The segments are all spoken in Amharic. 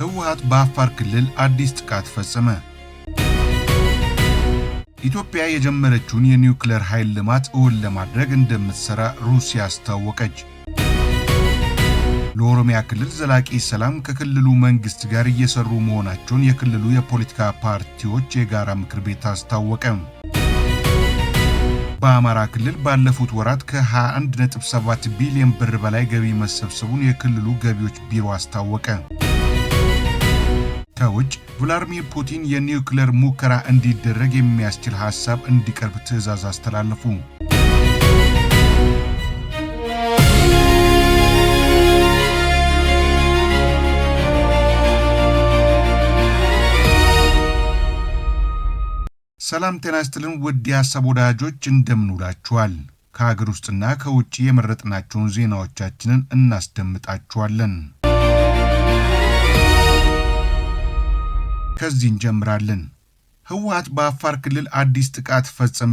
ህወሓት በአፋር ክልል አዲስ ጥቃት ፈጸመ። ኢትዮጵያ የጀመረችውን የኒውክሌር ኃይል ልማት እውን ለማድረግ እንደምትሰራ ሩሲያ አስታወቀች። ለኦሮሚያ ክልል ዘላቂ ሰላም ከክልሉ መንግሥት ጋር እየሰሩ መሆናቸውን የክልሉ የፖለቲካ ፓርቲዎች የጋራ ምክር ቤት አስታወቀ። በአማራ ክልል ባለፉት ወራት ከ21.7 ቢሊዮን ብር በላይ ገቢ መሰብሰቡን የክልሉ ገቢዎች ቢሮ አስታወቀ። ከውጭ ቭላድሚር ፑቲን የኒውክሌር ሙከራ እንዲደረግ የሚያስችል ሐሳብ እንዲቀርብ ትዕዛዝ አስተላለፉ። ሰላም ጤና ይስጥልን ውድ የሐሳብ ወዳጆች እንደምንውላችኋል። ከሀገር ውስጥና ከውጭ የመረጥናቸውን ዜናዎቻችንን እናስደምጣችኋለን። ከዚህ እንጀምራለን። ህወሓት በአፋር ክልል አዲስ ጥቃት ፈጸመ።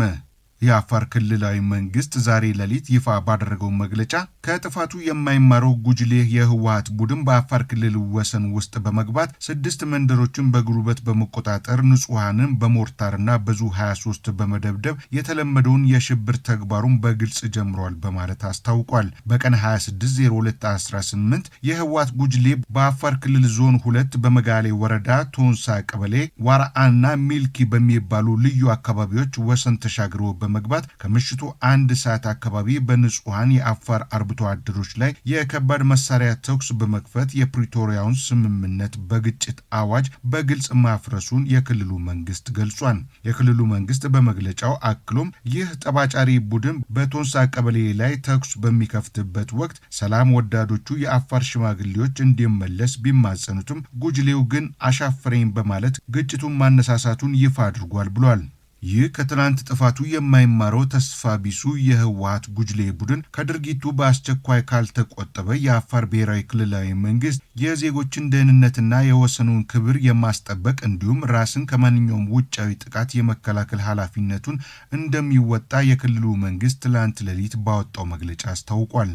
የአፋር ክልላዊ መንግስት ዛሬ ሌሊት ይፋ ባደረገው መግለጫ ከጥፋቱ የማይማረው ጉጅሌ የህወሀት ቡድን በአፋር ክልል ወሰን ውስጥ በመግባት ስድስት መንደሮችን በጉልበት በመቆጣጠር ንጹሐንን በሞርታርና በዙ 23 በመደብደብ የተለመደውን የሽብር ተግባሩን በግልጽ ጀምሯል በማለት አስታውቋል። በቀን 260218 የህወሀት ጉጅሌ በአፋር ክልል ዞን ሁለት በመጋሌ ወረዳ ቶንሳ ቀበሌ ዋርአና ሚልኪ በሚባሉ ልዩ አካባቢዎች ወሰን ተሻግሮ በመግባት ከምሽቱ አንድ ሰዓት አካባቢ በንጹሐን የአፋር አርብቶ አደሮች ላይ የከባድ መሳሪያ ተኩስ በመክፈት የፕሪቶሪያውን ስምምነት በግጭት አዋጅ በግልጽ ማፍረሱን የክልሉ መንግስት ገልጿል። የክልሉ መንግስት በመግለጫው አክሎም ይህ ጠባጫሪ ቡድን በቶንሳ ቀበሌ ላይ ተኩስ በሚከፍትበት ወቅት ሰላም ወዳዶቹ የአፋር ሽማግሌዎች እንዲመለስ ቢማጸኑትም ጉጅሌው ግን አሻፈረኝ በማለት ግጭቱን ማነሳሳቱን ይፋ አድርጓል ብሏል። ይህ ከትናንት ጥፋቱ የማይማረው ተስፋ ቢሱ የህወሀት ጉጅሌ ቡድን ከድርጊቱ በአስቸኳይ ካልተቆጠበ የአፋር ብሔራዊ ክልላዊ መንግስት የዜጎችን ደህንነትና የወሰኑን ክብር የማስጠበቅ እንዲሁም ራስን ከማንኛውም ውጫዊ ጥቃት የመከላከል ኃላፊነቱን እንደሚወጣ የክልሉ መንግስት ትላንት ሌሊት ባወጣው መግለጫ አስታውቋል።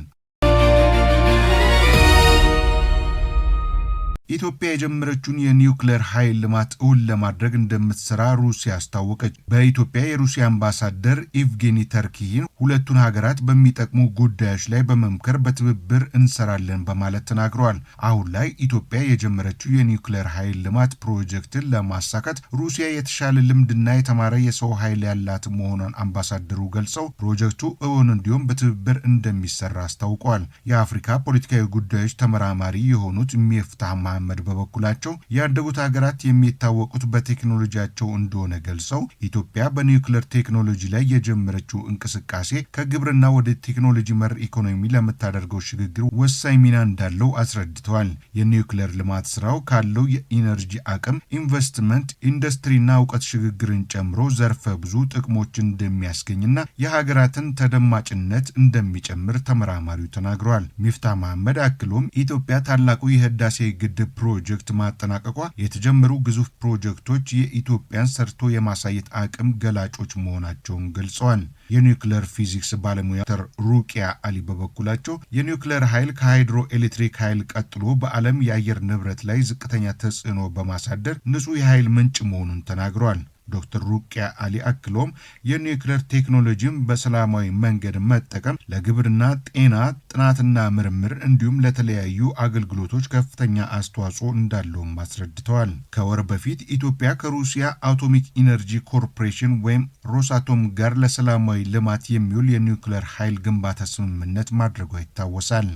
ኢትዮጵያ የጀመረችውን የኒውክሌር ኃይል ልማት እውን ለማድረግ እንደምትሰራ ሩሲያ አስታወቀች። በኢትዮጵያ የሩሲያ አምባሳደር ኢቭጌኒ ተርኪይን ሁለቱን ሀገራት በሚጠቅሙ ጉዳዮች ላይ በመምከር በትብብር እንሰራለን በማለት ተናግረዋል። አሁን ላይ ኢትዮጵያ የጀመረችው የኒውክሌር ኃይል ልማት ፕሮጀክትን ለማሳካት ሩሲያ የተሻለ ልምድና የተማረ የሰው ኃይል ያላት መሆኗን አምባሳደሩ ገልጸው ፕሮጀክቱ እውን እንዲሁም በትብብር እንደሚሰራ አስታውቀዋል። የአፍሪካ ፖለቲካዊ ጉዳዮች ተመራማሪ የሆኑት ሚፍታህ መሐመድ በበኩላቸው ያደጉት ሀገራት የሚታወቁት በቴክኖሎጂያቸው እንደሆነ ገልጸው ኢትዮጵያ በኒውክሌር ቴክኖሎጂ ላይ የጀመረችው እንቅስቃሴ ከግብርና ወደ ቴክኖሎጂ መር ኢኮኖሚ ለምታደርገው ሽግግር ወሳኝ ሚና እንዳለው አስረድተዋል። የኒውክሌር ልማት ስራው ካለው የኢነርጂ አቅም ኢንቨስትመንት፣ ኢንዱስትሪና እውቀት ሽግግርን ጨምሮ ዘርፈ ብዙ ጥቅሞችን እንደሚያስገኝና የሀገራትን ተደማጭነት እንደሚጨምር ተመራማሪው ተናግረዋል። ሚፍታ መሐመድ አክሎም ኢትዮጵያ ታላቁ የህዳሴ ግድብ ፕሮጀክት ማጠናቀቋ የተጀመሩ ግዙፍ ፕሮጀክቶች የኢትዮጵያን ሰርቶ የማሳየት አቅም ገላጮች መሆናቸውን ገልጸዋል። የኒውክሌር ፊዚክስ ባለሙያ ተር ሩቅያ አሊ በበኩላቸው የኒውክሌር ኃይል ከሃይድሮ ኤሌክትሪክ ኃይል ቀጥሎ በዓለም የአየር ንብረት ላይ ዝቅተኛ ተጽዕኖ በማሳደር ንጹህ የኃይል ምንጭ መሆኑን ተናግረዋል። ዶክተር ሩቅያ አሊ አክሎም የኒውክሌር ቴክኖሎጂን በሰላማዊ መንገድ መጠቀም ለግብርና፣ ጤና፣ ጥናትና ምርምር እንዲሁም ለተለያዩ አገልግሎቶች ከፍተኛ አስተዋጽኦ እንዳለውም አስረድተዋል። ከወር በፊት ኢትዮጵያ ከሩሲያ አቶሚክ ኢነርጂ ኮርፖሬሽን ወይም ሮሳቶም ጋር ለሰላማዊ ልማት የሚውል የኒውክሌር ኃይል ግንባታ ስምምነት ማድረጓ ይታወሳል።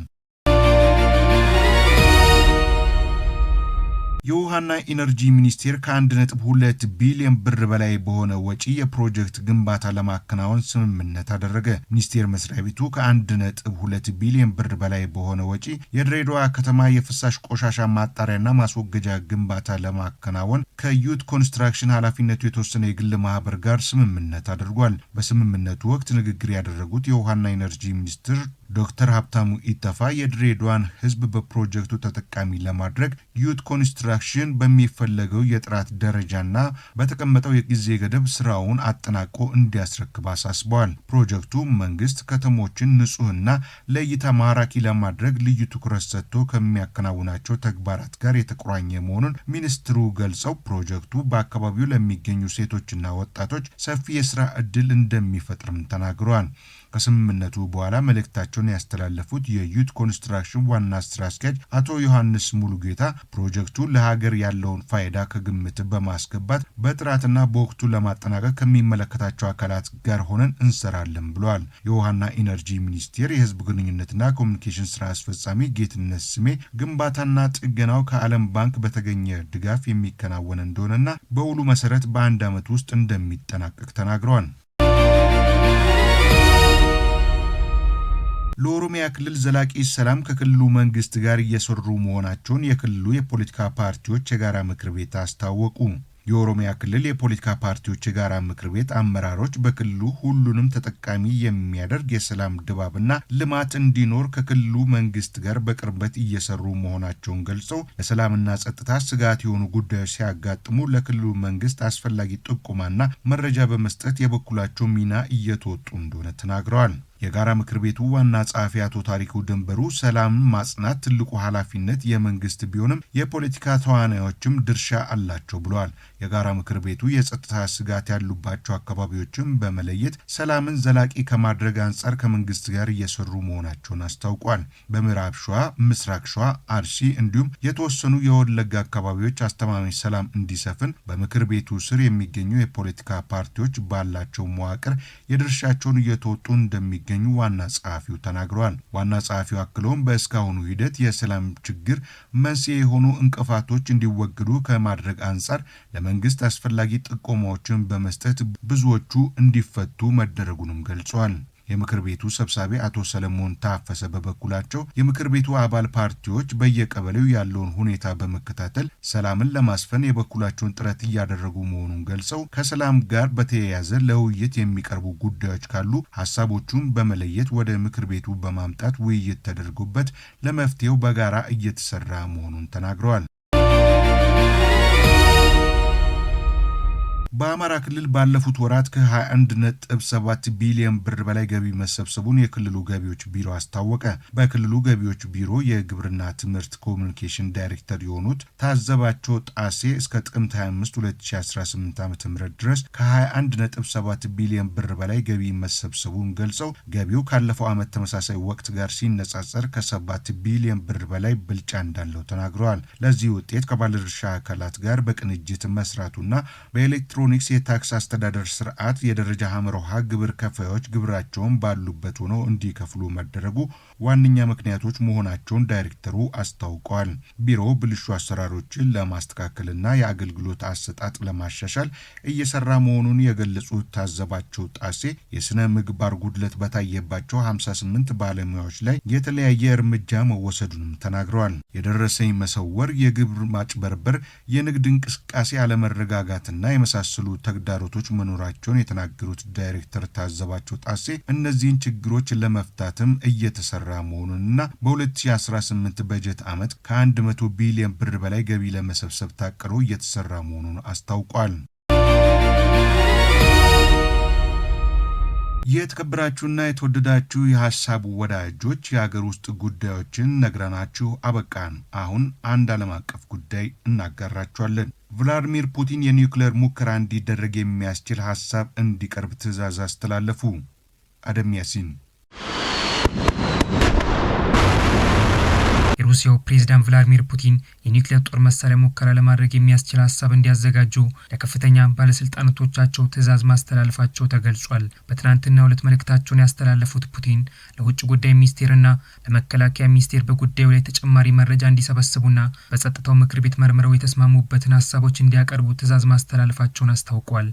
የውሃና ኢነርጂ ሚኒስቴር ከ1.2 ቢሊዮን ብር በላይ በሆነ ወጪ የፕሮጀክት ግንባታ ለማከናወን ስምምነት አደረገ። ሚኒስቴር መስሪያ ቤቱ ከ1.2 ቢሊዮን ብር በላይ በሆነ ወጪ የድሬዳዋ ከተማ የፍሳሽ ቆሻሻ ማጣሪያና ማስወገጃ ግንባታ ለማከናወን ከዩት ኮንስትራክሽን ኃላፊነቱ የተወሰነ የግል ማህበር ጋር ስምምነት አድርጓል። በስምምነቱ ወቅት ንግግር ያደረጉት የውሃና ኢነርጂ ሚኒስትር ዶክተር ሀብታሙ ኢተፋ የድሬዳዋን ሕዝብ በፕሮጀክቱ ተጠቃሚ ለማድረግ ዩት ኮንስትራክሽን በሚፈለገው የጥራት ደረጃና በተቀመጠው የጊዜ ገደብ ስራውን አጠናቆ እንዲያስረክብ አሳስበዋል። ፕሮጀክቱ መንግስት ከተሞችን ንጹህና ለእይታ ማራኪ ለማድረግ ልዩ ትኩረት ሰጥቶ ከሚያከናውናቸው ተግባራት ጋር የተቆራኘ መሆኑን ሚኒስትሩ ገልጸው ፕሮጀክቱ በአካባቢው ለሚገኙ ሴቶችና ወጣቶች ሰፊ የስራ ዕድል እንደሚፈጥርም ተናግረዋል። ከስምምነቱ በኋላ መልእክታቸውን ያስተላለፉት የዩት ኮንስትራክሽን ዋና ስራ አስኪያጅ አቶ ዮሐንስ ሙሉጌታ ፕሮጀክቱ ለሀገር ያለውን ፋይዳ ከግምት በማስገባት በጥራትና በወቅቱ ለማጠናቀቅ ከሚመለከታቸው አካላት ጋር ሆነን እንሰራለን ብለዋል። የውሃና ኢነርጂ ሚኒስቴር የህዝብ ግንኙነትና ኮሚኒኬሽን ስራ አስፈጻሚ ጌትነት ስሜ ግንባታና ጥገናው ከዓለም ባንክ በተገኘ ድጋፍ የሚከናወን እንደሆነና በውሉ መሰረት በአንድ ዓመት ውስጥ እንደሚጠናቀቅ ተናግረዋል። ለኦሮሚያ ክልል ዘላቂ ሰላም ከክልሉ መንግስት ጋር እየሰሩ መሆናቸውን የክልሉ የፖለቲካ ፓርቲዎች የጋራ ምክር ቤት አስታወቁ። የኦሮሚያ ክልል የፖለቲካ ፓርቲዎች የጋራ ምክር ቤት አመራሮች በክልሉ ሁሉንም ተጠቃሚ የሚያደርግ የሰላም ድባብና ልማት እንዲኖር ከክልሉ መንግስት ጋር በቅርበት እየሰሩ መሆናቸውን ገልጸው ለሰላምና ጸጥታ ስጋት የሆኑ ጉዳዮች ሲያጋጥሙ ለክልሉ መንግስት አስፈላጊ ጥቁማና መረጃ በመስጠት የበኩላቸው ሚና እየተወጡ እንደሆነ ተናግረዋል። የጋራ ምክር ቤቱ ዋና ጸሐፊ አቶ ታሪኩ ድንበሩ ሰላምን ማጽናት ትልቁ ኃላፊነት የመንግስት ቢሆንም የፖለቲካ ተዋናዮችም ድርሻ አላቸው ብለዋል። የጋራ ምክር ቤቱ የጸጥታ ስጋት ያሉባቸው አካባቢዎችን በመለየት ሰላምን ዘላቂ ከማድረግ አንጻር ከመንግስት ጋር እየሰሩ መሆናቸውን አስታውቋል። በምዕራብ ሸዋ፣ ምስራቅ ሸዋ፣ አርሲ እንዲሁም የተወሰኑ የወለጋ አካባቢዎች አስተማማኝ ሰላም እንዲሰፍን በምክር ቤቱ ስር የሚገኙ የፖለቲካ ፓርቲዎች ባላቸው መዋቅር የድርሻቸውን እየተወጡ እንደሚገ እንደሚገኙ ዋና ጸሐፊው ተናግረዋል። ዋና ጸሐፊው አክለውም በእስካሁኑ ሂደት የሰላም ችግር መንስኤ የሆኑ እንቅፋቶች እንዲወገዱ ከማድረግ አንጻር ለመንግስት አስፈላጊ ጥቆማዎችን በመስጠት ብዙዎቹ እንዲፈቱ መደረጉንም ገልጿል። የምክር ቤቱ ሰብሳቢ አቶ ሰለሞን ታፈሰ በበኩላቸው የምክር ቤቱ አባል ፓርቲዎች በየቀበሌው ያለውን ሁኔታ በመከታተል ሰላምን ለማስፈን የበኩላቸውን ጥረት እያደረጉ መሆኑን ገልጸው ከሰላም ጋር በተያያዘ ለውይይት የሚቀርቡ ጉዳዮች ካሉ ሀሳቦቹን በመለየት ወደ ምክር ቤቱ በማምጣት ውይይት ተደርጎበት ለመፍትሄው በጋራ እየተሰራ መሆኑን ተናግረዋል። በአማራ ክልል ባለፉት ወራት ከ21.7 ቢሊዮን ብር በላይ ገቢ መሰብሰቡን የክልሉ ገቢዎች ቢሮ አስታወቀ። በክልሉ ገቢዎች ቢሮ የግብርና ትምህርት ኮሚኒኬሽን ዳይሬክተር የሆኑት ታዘባቸው ጣሴ እስከ ጥቅምት 25 2018 ዓ ም ድረስ ከ21.7 ቢሊዮን ብር በላይ ገቢ መሰብሰቡን ገልጸው ገቢው ካለፈው ዓመት ተመሳሳይ ወቅት ጋር ሲነጻጸር ከ7 ቢሊዮን ብር በላይ ብልጫ እንዳለው ተናግረዋል። ለዚህ ውጤት ከባለድርሻ አካላት ጋር በቅንጅት መስራቱና በኤሌክትሮ የኤሌክትሮኒክስ የታክስ አስተዳደር ስርዓት የደረጃ ሀምሮሃ ግብር ከፋዮች ግብራቸውን ባሉበት ሆነው እንዲከፍሉ መደረጉ ዋነኛ ምክንያቶች መሆናቸውን ዳይሬክተሩ አስታውቀዋል። ቢሮው ብልሹ አሰራሮችን ለማስተካከልና የአገልግሎት አሰጣጥ ለማሻሻል እየሰራ መሆኑን የገለጹት ታዘባቸው ጣሴ የስነ ምግባር ጉድለት በታየባቸው 58 ባለሙያዎች ላይ የተለያየ እርምጃ መወሰዱንም ተናግረዋል። የደረሰኝ መሰወር፣ የግብር ማጭበርበር፣ የንግድ እንቅስቃሴ አለመረጋጋትና የመሳሰሉ የመሳሰሉ ተግዳሮቶች መኖራቸውን የተናገሩት ዳይሬክተር ታዘባቸው ጣሴ እነዚህን ችግሮች ለመፍታትም እየተሰራ መሆኑንና በ2018 በጀት ዓመት ከ100 ቢሊዮን ብር በላይ ገቢ ለመሰብሰብ ታቅዶ እየተሰራ መሆኑን አስታውቋል። የተከበራችሁና የተወደዳችሁ የሐሳቡ ወዳጆች የሀገር ውስጥ ጉዳዮችን ነግረናችሁ አበቃን። አሁን አንድ ዓለም አቀፍ ጉዳይ እናጋራችኋለን። ቭላዲሚር ፑቲን የኒውክሌር ሙከራ እንዲደረግ የሚያስችል ሐሳብ እንዲቀርብ ትዕዛዝ አስተላለፉ። አደም ያሲን የሩሲያው ፕሬዝዳንት ቭላዲሚር ፑቲን የኒውክሌር ጦር መሳሪያ ሙከራ ለማድረግ የሚያስችል ሀሳብ እንዲያዘጋጁ ለከፍተኛ ባለስልጣናቶቻቸው ትዕዛዝ ማስተላለፋቸው ተገልጿል። በትናንትና ሁለት መልእክታቸውን ያስተላለፉት ፑቲን ለውጭ ጉዳይ ሚኒስቴርና ለመከላከያ ሚኒስቴር በጉዳዩ ላይ ተጨማሪ መረጃ እንዲሰበስቡና በጸጥታው ምክር ቤት መርምረው የተስማሙበትን ሀሳቦች እንዲያቀርቡ ትዕዛዝ ማስተላለፋቸውን አስታውቋል።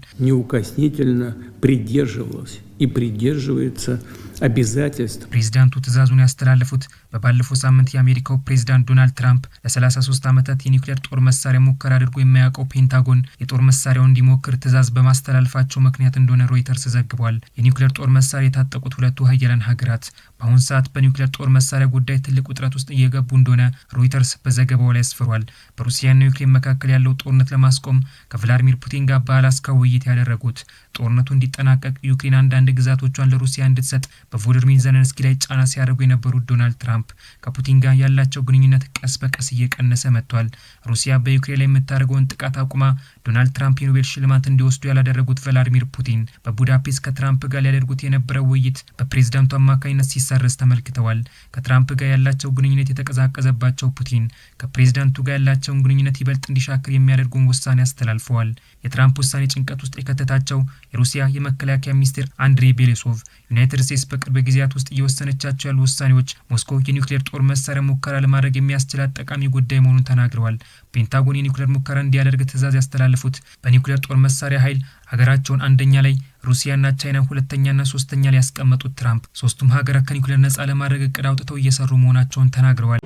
обязательств ፕሬዚዳንቱ ትዕዛዙን ያስተላለፉት በባለፈው ሳምንት የአሜሪካው ፕሬዚዳንት ዶናልድ ትራምፕ ለ33 ዓመታት የኒውክሌር ጦር መሳሪያ ሙከራ አድርጎ የማያውቀው ፔንታጎን የጦር መሳሪያውን እንዲሞክር ትዕዛዝ በማስተላለፋቸው ምክንያት እንደሆነ ሮይተርስ ዘግቧል። የኒውክሌር ጦር መሳሪያ የታጠቁት ሁለቱ ሀያላን ሀገራት በአሁን ሰዓት በኒውክሌር ጦር መሳሪያ ጉዳይ ትልቅ ውጥረት ውስጥ እየገቡ እንደሆነ ሮይተርስ በዘገባው ላይ አስፍሯል። በሩሲያና ዩክሬን መካከል ያለው ጦርነት ለማስቆም ከቭላዲሚር ፑቲን ጋር በአላስካ ውይይት ያደረጉት ጦርነቱ እንዲጠናቀቅ ዩክሬን አንዳንድ አንዳንድ ግዛቶቿን ለሩሲያ እንድትሰጥ በቮሎዲሚር ዘለንስኪ ላይ ጫና ሲያደርጉ የነበሩት ዶናልድ ትራምፕ ከፑቲን ጋር ያላቸው ግንኙነት ቀስ በቀስ እየቀነሰ መጥቷል። ሩሲያ በዩክሬን ላይ የምታደርገውን ጥቃት አቁማ ዶናልድ ትራምፕ የኖቤል ሽልማት እንዲወስዱ ያላደረጉት ቭላዲሚር ፑቲን በቡዳፔስት ከትራምፕ ጋር ሊያደርጉት የነበረው ውይይት በፕሬዝዳንቱ አማካኝነት ሲሰረዝ ተመልክተዋል። ከትራምፕ ጋር ያላቸው ግንኙነት የተቀዛቀዘባቸው ፑቲን ከፕሬዝዳንቱ ጋር ያላቸውን ግንኙነት ይበልጥ እንዲሻክር የሚያደርጉን ውሳኔ አስተላልፈዋል። የትራምፕ ውሳኔ ጭንቀት ውስጥ የከተታቸው የሩሲያ የመከላከያ ሚኒስትር አንድሬ ቤሌሶቭ ዩናይትድ ስቴትስ በቅርብ ጊዜያት ውስጥ እየወሰነቻቸው ያሉ ውሳኔዎች ሞስኮ የኒውክሌር ጦር መሳሪያ ሙከራ ለማድረግ የሚያስችላት ጠቃሚ ጉዳይ መሆኑን ተናግረዋል። ፔንታጎን የኒውክሌር ሙከራ እንዲያደርግ ትዕዛዝ ያስተላል የሚያስተላልፉት በኒውክሌር ጦር መሳሪያ ኃይል ሀገራቸውን አንደኛ ላይ ሩሲያና ቻይና ሁለተኛና ሶስተኛ ላይ ያስቀመጡት ትራምፕ ሶስቱም ሀገራት ከኒውክሌር ነፃ ለማድረግ እቅድ አውጥተው እየሰሩ መሆናቸውን ተናግረዋል።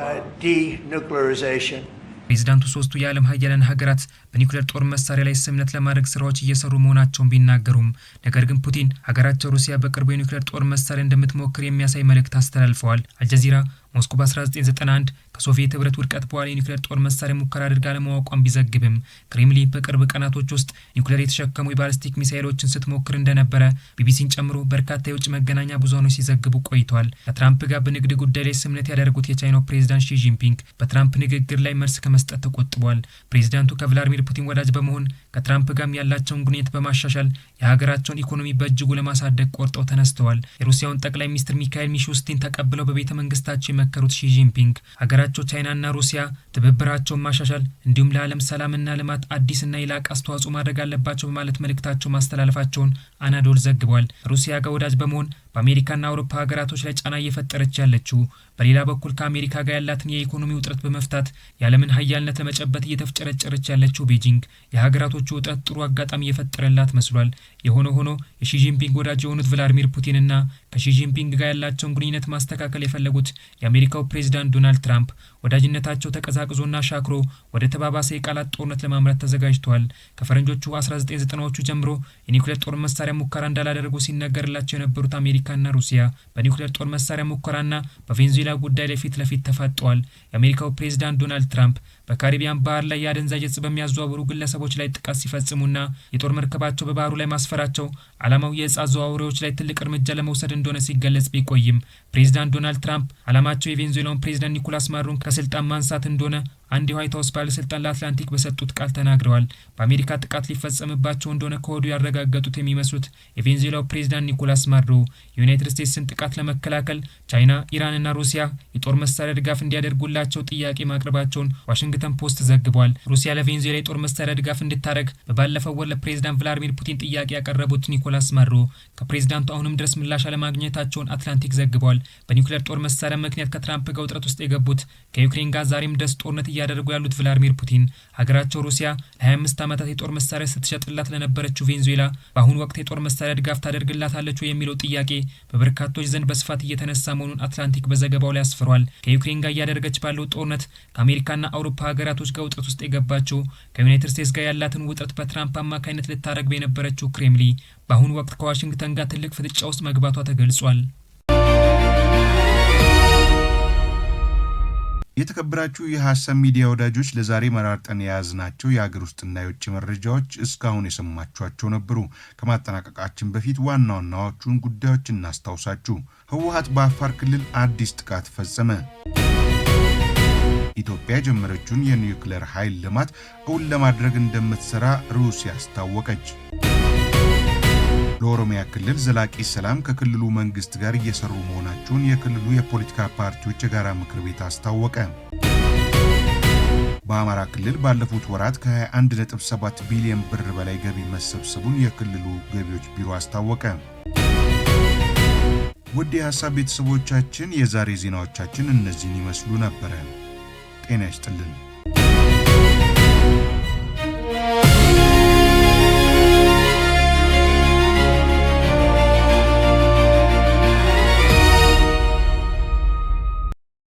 uh, ፕሬዚዳንቱ ሶስቱ የዓለም ሀያላን ሀገራት በኒውክሌር ጦር መሳሪያ ላይ ስምነት ለማድረግ ስራዎች እየሰሩ መሆናቸውን ቢናገሩም ነገር ግን ፑቲን ሀገራቸው ሩሲያ በቅርቡ የኒውክሌር ጦር መሳሪያ እንደምትሞክር የሚያሳይ መልእክት አስተላልፈዋል። አልጀዚራ ሞስኮ በ1991 ከሶቪየት ህብረት ውድቀት በኋላ የኒውክሌር ጦር መሳሪያ ሙከራ አድርጋ ለማዋቋም ቢዘግብም ክሬምሊን በቅርብ ቀናቶች ውስጥ ኒውክሌር የተሸከሙ የባለስቲክ ሚሳይሎችን ስትሞክር እንደነበረ ቢቢሲን ጨምሮ በርካታ የውጭ መገናኛ ብዙሃኖች ሲዘግቡ ቆይቷል። ከትራምፕ ጋር በንግድ ጉዳይ ላይ ስምነት ያደረጉት የቻይናው ፕሬዚዳንት ሺጂንፒንግ በትራምፕ ንግግር ላይ መልስ ከመስጠት ተቆጥቧል። ፕሬዚዳንቱ ከቭላድሚር የቭላዲሚር ፑቲን ወዳጅ በመሆን ከትራምፕ ጋርም ያላቸውን ግንኙነት በማሻሻል የሀገራቸውን ኢኮኖሚ በእጅጉ ለማሳደግ ቆርጠው ተነስተዋል። የሩሲያውን ጠቅላይ ሚኒስትር ሚካኤል ሚሹስቲን ተቀብለው በቤተ መንግስታቸው የመከሩት ሺጂንፒንግ ሀገራቸው ቻይናና ሩሲያ ትብብራቸውን ማሻሻል እንዲሁም ለዓለም ሰላምና ልማት አዲስና የላቅ አስተዋጽኦ ማድረግ አለባቸው በማለት መልእክታቸው ማስተላለፋቸውን አናዶል ዘግቧል። ሩሲያ ጋር ወዳጅ በመሆን በአሜሪካና አውሮፓ ሀገራቶች ላይ ጫና እየፈጠረች ያለችው በሌላ በኩል ከአሜሪካ ጋር ያላትን የኢኮኖሚ ውጥረት በመፍታት የዓለምን ሀያልነት ለመጨበት እየተፍጨረጨረች ያለችው ቤጂንግ የሀገራቶቹ ውጥረት ጥሩ አጋጣሚ እየፈጠረላት መስሏል። የሆነ ሆኖ የሺጂንፒንግ ወዳጅ የሆኑት ቭላዲሚር ፑቲንና ከሺጂንፒንግ ጋር ያላቸውን ግንኙነት ማስተካከል የፈለጉት የአሜሪካው ፕሬዚዳንት ዶናልድ ትራምፕ ወዳጅነታቸው ተቀዛቅዞና ሻክሮ ወደ ተባባሰ የቃላት ጦርነት ለማምራት ተዘጋጅተዋል። ከፈረንጆቹ 1990ዎቹ ጀምሮ የኒውክሌር ጦር መሳሪያ ሙከራ እንዳላደረጉ ሲነገርላቸው የነበሩት አሜሪካ አሜሪካና ሩሲያ በኒውክሌር ጦር መሳሪያ ሙከራና በቬንዙዌላ ጉዳይ ላይ ፊት ለፊት ተፋጠዋል። የአሜሪካው ፕሬዚዳንት ዶናልድ ትራምፕ በካሪቢያን ባህር ላይ የአደንዛዥ እጽ በሚያዘዋውሩ ግለሰቦች ላይ ጥቃት ሲፈጽሙና የጦር መርከባቸው በባህሩ ላይ ማስፈራቸው ዓላማው የእጽ አዘዋዋሪዎች ላይ ትልቅ እርምጃ ለመውሰድ እንደሆነ ሲገለጽ ቢቆይም ፕሬዚዳንት ዶናልድ ትራምፕ ዓላማቸው የቬንዙዌላውን ፕሬዚዳንት ኒኮላስ ማዱሮን ከስልጣን ማንሳት እንደሆነ አንድ የዋይት ሀውስ ባለስልጣን ለአትላንቲክ በሰጡት ቃል ተናግረዋል። በአሜሪካ ጥቃት ሊፈጸምባቸው እንደሆነ ከወዱ ያረጋገጡት የሚመስሉት የቬንዙዌላው ፕሬዚዳንት ኒኮላስ ማድሮ የዩናይትድ ስቴትስን ጥቃት ለመከላከል ቻይና፣ ኢራንና ሩሲያ የጦር መሳሪያ ድጋፍ እንዲያደርጉላቸው ጥያቄ ማቅረባቸውን ዋሽንግተን ፖስት ዘግቧል። ሩሲያ ለቬንዙዌላ የጦር መሳሪያ ድጋፍ እንድታደረግ በባለፈው ወር ለፕሬዚዳንት ቭላዲሚር ፑቲን ጥያቄ ያቀረቡት ኒኮላስ ማዱሮ ከፕሬዚዳንቱ አሁንም ድረስ ምላሽ አለማግኘታቸውን አትላንቲክ ዘግቧል። በኒውክሌር ጦር መሳሪያ ምክንያት ከትራምፕ ጋር ውጥረት ውስጥ የገቡት ከዩክሬን ጋር ዛሬም ድረስ ጦርነት እያደረጉ ያሉት ቭላዲሚር ፑቲን ሀገራቸው ሩሲያ ለ25 ዓመታት የጦር መሳሪያ ስትሸጥላት ለነበረችው ቬንዙዌላ በአሁኑ ወቅት የጦር መሳሪያ ድጋፍ ታደርግላታለች የሚለው ጥያቄ በበርካቶች ዘንድ በስፋት እየተነሳ መሆኑን አትላንቲክ በዘገባው ላይ አስፍሯል። ከዩክሬን ጋር እያደረገች ባለው ጦርነት ከአሜሪካና አውሮፓ ሀገራቶች ጋር ውጥረት ውስጥ የገባችው ከዩናይትድ ስቴትስ ጋር ያላትን ውጥረት በትራምፕ አማካኝነት ልታረግብ የነበረችው ክሬምሊ በአሁኑ ወቅት ከዋሽንግተን ጋር ትልቅ ፍጥጫ ውስጥ መግባቷ ተገልጿል። የተከበራችሁ የሐሳብ ሚዲያ ወዳጆች ለዛሬ መራርጠን የያዝናቸው የአገር ውስጥና የውጭ መረጃዎች እስካሁን የሰማችኋቸው ነበሩ። ከማጠናቀቃችን በፊት ዋና ዋናዎቹን ጉዳዮች እናስታውሳችሁ። ህወሓት በአፋር ክልል አዲስ ጥቃት ፈጸመ። ኢትዮጵያ የጀመረችውን የኒውክሌር ኃይል ልማት እውን ለማድረግ እንደምትሰራ ሩሲያ አስታወቀች። ለኦሮሚያ ክልል ዘላቂ ሰላም ከክልሉ መንግስት ጋር እየሰሩ መሆናቸውን የክልሉ የፖለቲካ ፓርቲዎች የጋራ ምክር ቤት አስታወቀ። በአማራ ክልል ባለፉት ወራት ከ21.7 ቢሊዮን ብር በላይ ገቢ መሰብሰቡን የክልሉ ገቢዎች ቢሮ አስታወቀ። ውድ ሀሳብ ቤተሰቦቻችን የዛሬ ዜናዎቻችን እነዚህን ይመስሉ ነበረ። ጤና ይስጥልን።